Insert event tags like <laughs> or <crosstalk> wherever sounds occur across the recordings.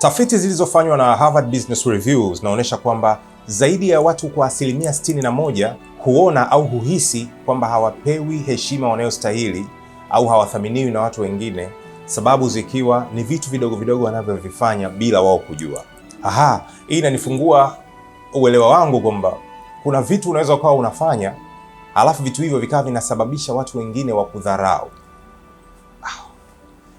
Tafiti zilizofanywa na Harvard Business Review zinaonyesha kwamba zaidi ya watu kwa asilimia 61 huona au huhisi kwamba hawapewi heshima wanayostahili au hawathaminiwi na watu wengine, sababu zikiwa ni vitu vidogo vidogo wanavyovifanya bila wao kujua. Aha, hii inanifungua uelewa wangu kwamba kuna vitu unaweza ukawa unafanya alafu vitu hivyo vikawa vinasababisha watu wengine wa kudharau.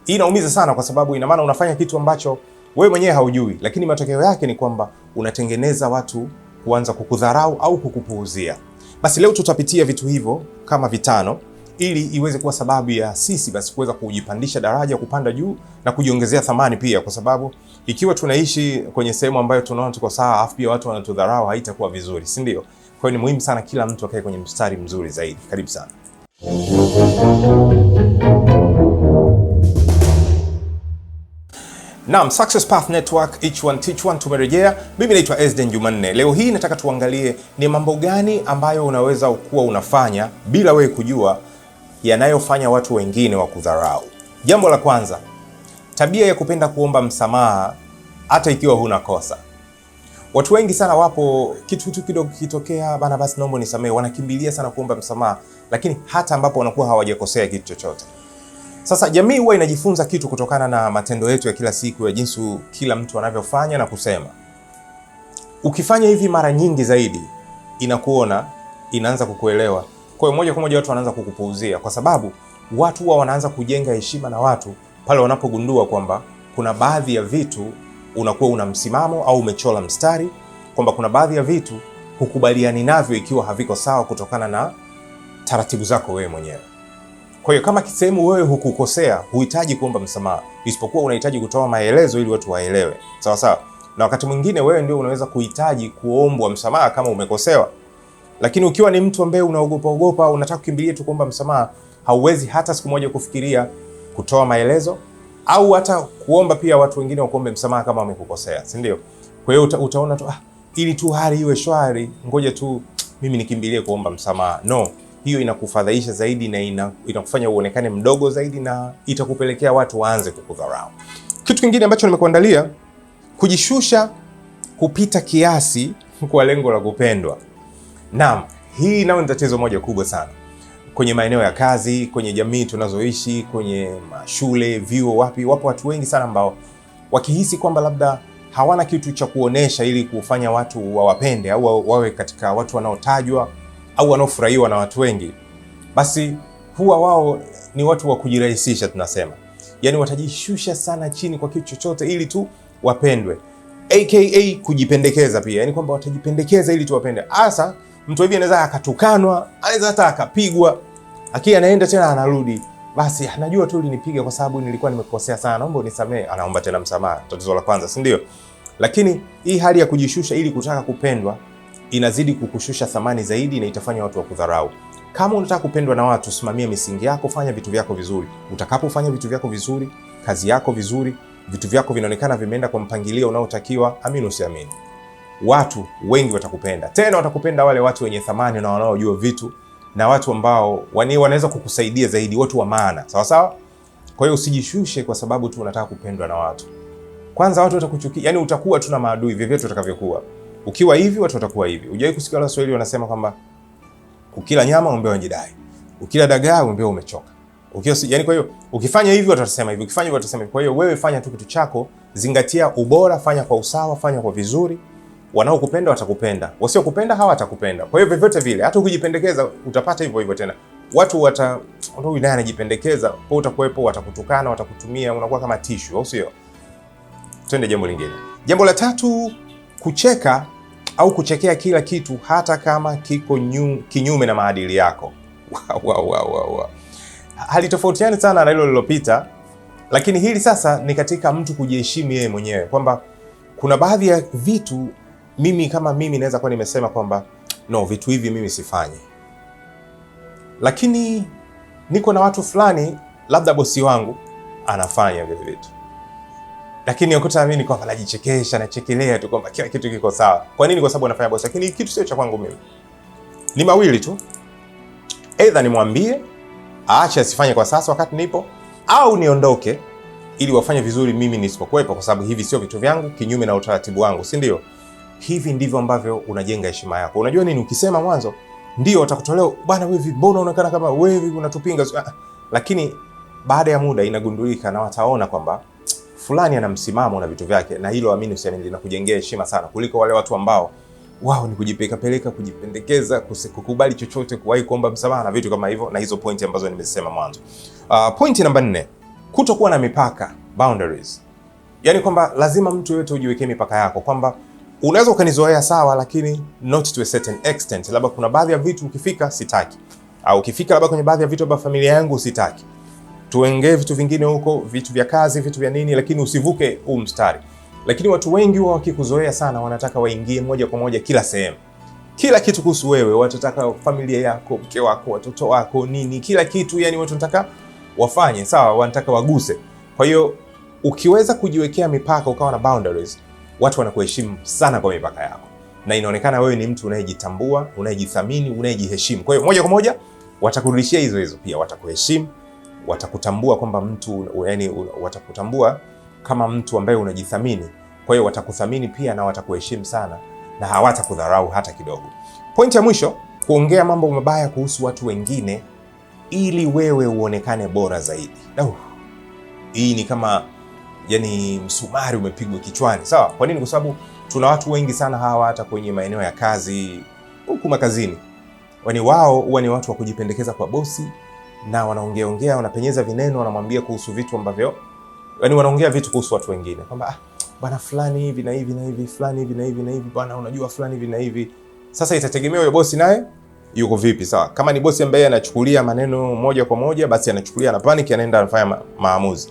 Hii inaumiza sana, kwa sababu ina maana unafanya kitu ambacho wewe mwenyewe haujui, lakini matokeo yake ni kwamba unatengeneza watu kuanza kukudharau au kukupuuzia. Basi leo tutapitia vitu hivyo kama vitano ili iweze kuwa sababu ya sisi basi kuweza kujipandisha daraja, kupanda juu na kujiongezea thamani pia, kwa sababu ikiwa tunaishi kwenye sehemu ambayo tunaona tuko sawa, afu pia watu wanatudharau, haitakuwa vizuri, si ndio? Kwa hiyo ni muhimu sana kila mtu akae kwenye mstari mzuri zaidi. Karibu sana Naam, Success Path Network, each one teach one, tumerejea. Mimi naitwa Esden Jumanne. Leo hii nataka tuangalie ni mambo gani ambayo unaweza kuwa unafanya bila wewe kujua, yanayofanya watu wengine wakudharau. Jambo la kwanza, tabia ya kupenda kuomba msamaha hata ikiwa huna kosa. Watu wengi sana wapo, kitu tu kidogo kitokea bana, basi naomba nisamehe, wanakimbilia sana kuomba msamaha, lakini hata ambapo wanakuwa hawajakosea kitu chochote. Sasa jamii huwa inajifunza kitu kutokana na matendo yetu ya kila siku, ya jinsi kila mtu anavyofanya na kusema. Ukifanya hivi mara nyingi zaidi, inakuona, inaanza kukuelewa. Kwa hiyo moja kwa moja watu wanaanza kukupuuzia, kwa sababu watu huwa wanaanza kujenga heshima na watu pale wanapogundua kwamba kuna baadhi ya vitu unakuwa una msimamo au umechola mstari, kwamba kuna baadhi ya vitu hukubaliani navyo ikiwa haviko sawa kutokana na taratibu zako wewe mwenyewe. Kwa hiyo kama sehemu wewe hukukosea, huhitaji kuomba msamaha, isipokuwa unahitaji kutoa maelezo ili watu waelewe, sawa sawa. Na wakati mwingine wewe ndio unaweza kuhitaji kuombwa msamaha kama umekosewa, lakini ukiwa ni mtu ambaye unaogopa ogopa unataka kukimbilia tu kuomba msamaha, hauwezi hata siku moja kufikiria kutoa maelezo au hata kuomba pia watu wengine wakuombe msamaha kama wamekukosea, si ndio? Kwa hiyo uta, utaona tu ah, ili tu hali iwe shwari, ngoja tu mimi nikimbilie kuomba msamaha. No, hiyo inakufadhaisha zaidi na ina, inakufanya uonekane mdogo zaidi na itakupelekea watu waanze kukudharau. Kitu kingine ambacho nimekuandalia, kujishusha kupita kiasi <laughs> kwa lengo la kupendwa. Naam, hii nayo ni tatizo moja kubwa sana kwenye maeneo ya kazi, kwenye jamii tunazoishi, kwenye mashule, vyuo, wapi, wapo watu wengi sana ambao wakihisi kwamba labda hawana kitu cha kuonesha ili kufanya watu wawapende au wawe katika watu wanaotajwa au wanaofurahiwa na watu wengi, basi huwa wao ni watu wa kujirahisisha, tunasema yani watajishusha sana chini kwa kitu chochote ili tu wapendwe, aka kujipendekeza pia, yani kwamba watajipendekeza ili tu wapende. Hasa mtu hivi anaweza akatukanwa, anaweza hata akapigwa, akii anaenda tena anarudi basi anajua tu ulinipiga kwa sababu nilikuwa nimekosea sana, naomba unisamee. Anaomba tena msamaha, tatizo la kwanza, si ndio? Lakini hii hali ya kujishusha ili kutaka kupendwa inazidi kukushusha thamani zaidi na itafanya watu wakudharau. Kama unataka kupendwa na watu, simamia misingi yako, fanya vitu vyako vizuri. Utakapofanya vitu vyako vizuri, kazi yako vizuri, vitu vyako vinaonekana vimeenda kwa mpangilio unaotakiwa, amini usiamini, watu wengi watakupenda. Tena watakupenda wale watu wenye thamani na wanaojua vitu na watu ambao wani wanaweza kukusaidia zaidi, watu wa maana, sawa sawa. Kwa hiyo usijishushe kwa sababu tu unataka kupendwa na watu. Kwanza watu watakuchukia, yani utakuwa tu na maadui vyovyote utakavyokuwa. Ukiwa hivi watu watakuwa hivi. Hujawahi kusikia Waswahili wanasema kwamba ukila nyama umbea unajidai, ukila dagaa umbea umechoka. Ukio, yani kwa hiyo ukifanya hivi watu watasema hivi, ukifanya hivi watu watasema hivi. Kwa hiyo wewe fanya tu kitu chako, zingatia ubora, fanya kwa usawa, fanya kwa vizuri. Wanaokupenda watakupenda, wasiokupenda hawatakupenda. Kwa hiyo vyovyote vile, hata ukijipendekeza utapata hivyo hivyo tena. Watu wata ndio naye anajipendekeza, kwa utakuwepo, watakutukana, watakutumia, unakuwa kama tishu, au sio? Twende jambo lingine. Jambo la tatu, kucheka au kuchekea kila kitu hata kama kiko nyu, kinyume na maadili yako. Wow, wow, wow, wow. Halitofautiani sana na hilo lililopita, lakini hili sasa ni katika mtu kujiheshimu yeye mwenyewe kwamba kuna baadhi ya vitu mimi kama mimi naweza kuwa nimesema kwamba no, vitu hivi mimi sifanyi, lakini niko na watu fulani, labda bosi wangu anafanya vile vitu lakini ukuta mimi kwamba najichekesha nachekelea tu kwamba kila kitu kiko sawa. Kwa nini? Kwa sababu anafanya bosi, lakini kitu sio cha kwangu mimi. Ni mawili tu, aidha nimwambie aache asifanye kwa sasa wakati nipo, au niondoke ili wafanye vizuri mimi nisipokuwepo, kwa sababu hivi sio vitu vyangu, kinyume na utaratibu wangu, si ndio? Hivi ndivyo ambavyo unajenga heshima yako. Unajua nini, ukisema mwanzo ndio watakutolea bwana, wewe mbona unaonekana kama wewe unatupinga, ah, ah. lakini baada ya muda inagundulika na wataona kwamba fulani ana msimamo na vitu vyake, na hilo amini usiamini, linakujengea heshima sana kuliko wale watu ambao wao ni kujipelekapeleka, kujipendekeza, kukubali chochote, kuwahi kuomba msamaha na vitu kama hivyo, na hizo pointi ambazo nimesema mwanzo. Uh, pointi namba nne, kutokuwa na mipaka boundaries. Yani kwamba lazima mtu yoyote ujiwekee mipaka yako, kwamba unaweza ukanizoea sawa, lakini not to a certain extent. Labda kuna baadhi ya vitu ukifika sitaki, au ukifika labda kwenye baadhi ya vitu, vya familia yangu sitaki tuongee vitu vingine huko, vitu vya kazi, vitu vya nini, lakini usivuke huu mstari. Lakini watu wengi huwa wakikuzoea sana, wanataka waingie moja kwa moja kila sehemu, kila kitu kuhusu wewe, watataka familia yako, mke wako, watoto wako, nini, kila kitu. Yani watu wanataka wafanye sawa, wanataka waguse. Kwa hiyo ukiweza kujiwekea mipaka, ukawa na boundaries, watu wanakuheshimu sana kwa mipaka yako, na inaonekana wewe ni mtu unayejitambua, unayejithamini, unayejiheshimu. Kwa hiyo moja kwa moja watakurudishia hizo hizo, pia watakuheshimu watakutambua kwamba mtu yani, watakutambua kama mtu ambaye unajithamini. Kwa hiyo watakuthamini pia na watakuheshimu sana na hawatakudharau hata kidogo. Point ya mwisho, kuongea mambo mabaya kuhusu watu wengine ili wewe uonekane bora zaidi. Uh, hii ni kama yani msumari umepigwa kichwani, sawa? Kwa nini? Kwa sababu tuna watu wengi sana hawa, hata kwenye maeneo ya kazi, huku makazini, wani wao huwa ni watu wa kujipendekeza kwa bosi na wanaongeaongea, wanapenyeza vineno, wanamwambia kuhusu vitu ambavyo yani wanaongea vitu kuhusu watu wengine kwamba ah, bwana fulani hivi na hivi na hivi, fulani hivi na hivi na hivi, bwana unajua fulani hivi na hivi. Sasa itategemea huyo bosi naye yuko vipi. Sawa, kama ni bosi ambaye anachukulia maneno moja kwa moja, basi anachukulia na panic, anaenda anafanya maamuzi.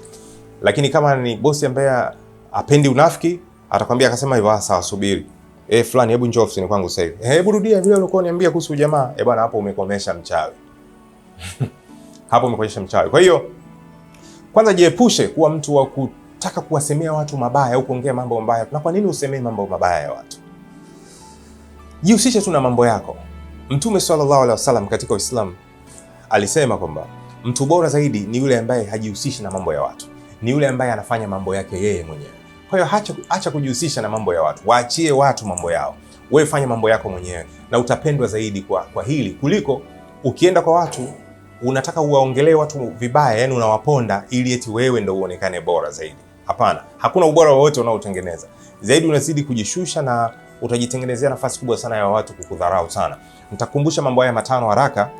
Lakini kama ni bosi ambaye apendi unafiki, atakwambia akasema hivyo, ah, sawa, subiri eh, fulani, hebu njoo ofisini kwangu sasa hivi, eh, hebu rudia vile ulikuwa uniambia kuhusu jamaa. Eh bwana, hapo umekomesha mchawi hapo umekuonyesha mchawi. Kwa hiyo kwanza jiepushe kuwa mtu wa kutaka kuwasemea watu mabaya au kuongea mambo mabaya. Na kwa nini usemee mambo mabaya ya watu? Jihusishe tu na mambo yako. Mtume sallallahu alaihi wasallam katika Uislamu alisema kwamba mtu bora zaidi ni yule ambaye hajihusishi na mambo ya watu, ni yule ambaye anafanya mambo yake yeye mwenyewe. Kwa hiyo acha, acha kujihusisha na mambo ya watu, waachie watu mambo yao, wewe fanya mambo yako mwenyewe, na utapendwa zaidi kwa, kwa hili kuliko ukienda kwa watu unataka uwaongelee watu vibaya, yani unawaponda ili eti wewe ndo uonekane bora zaidi. Hapana, hakuna ubora wowote unaotengeneza zaidi, unazidi kujishusha na utajitengenezea nafasi kubwa sana ya watu kukudharau sana. Nitakumbusha mambo haya matano haraka.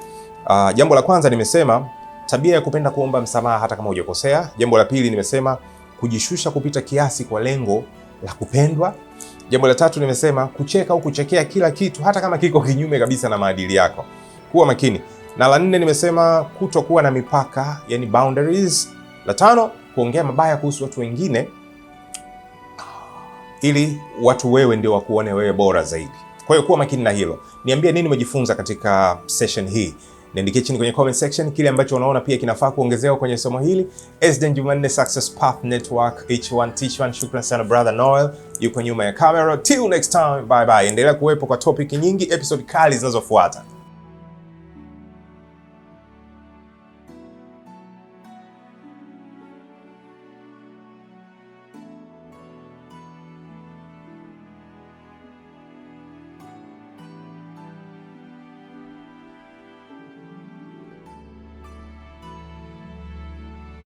Uh, jambo la kwanza nimesema tabia ya kupenda kuomba msamaha hata kama hujakosea. Jambo la pili nimesema kujishusha kupita kiasi kwa lengo la kupendwa. Jambo la tatu nimesema kucheka au kuchekea kila kitu hata kama kiko kinyume kabisa na maadili yako. Kuwa makini na la nne nimesema kutokuwa na mipaka, yani boundaries. La tano kuongea mabaya kuhusu watu wengine ili watu wewe ndio wakuone wewe bora zaidi. Kwa hiyo kuwa makini na hilo. Niambie nini umejifunza katika session hii. Niandikie chini kwenye comment section kile ambacho unaona pia kinafaa kuongezewa kwenye somo hili. Ezden Jumanne, Success Path Network, H1 Teach One. Shukran sana brother Noel, yuko nyuma ya camera. Till next time, bye bye. Endelea kuwepo kwa topic nyingi, episode kali zinazofuata.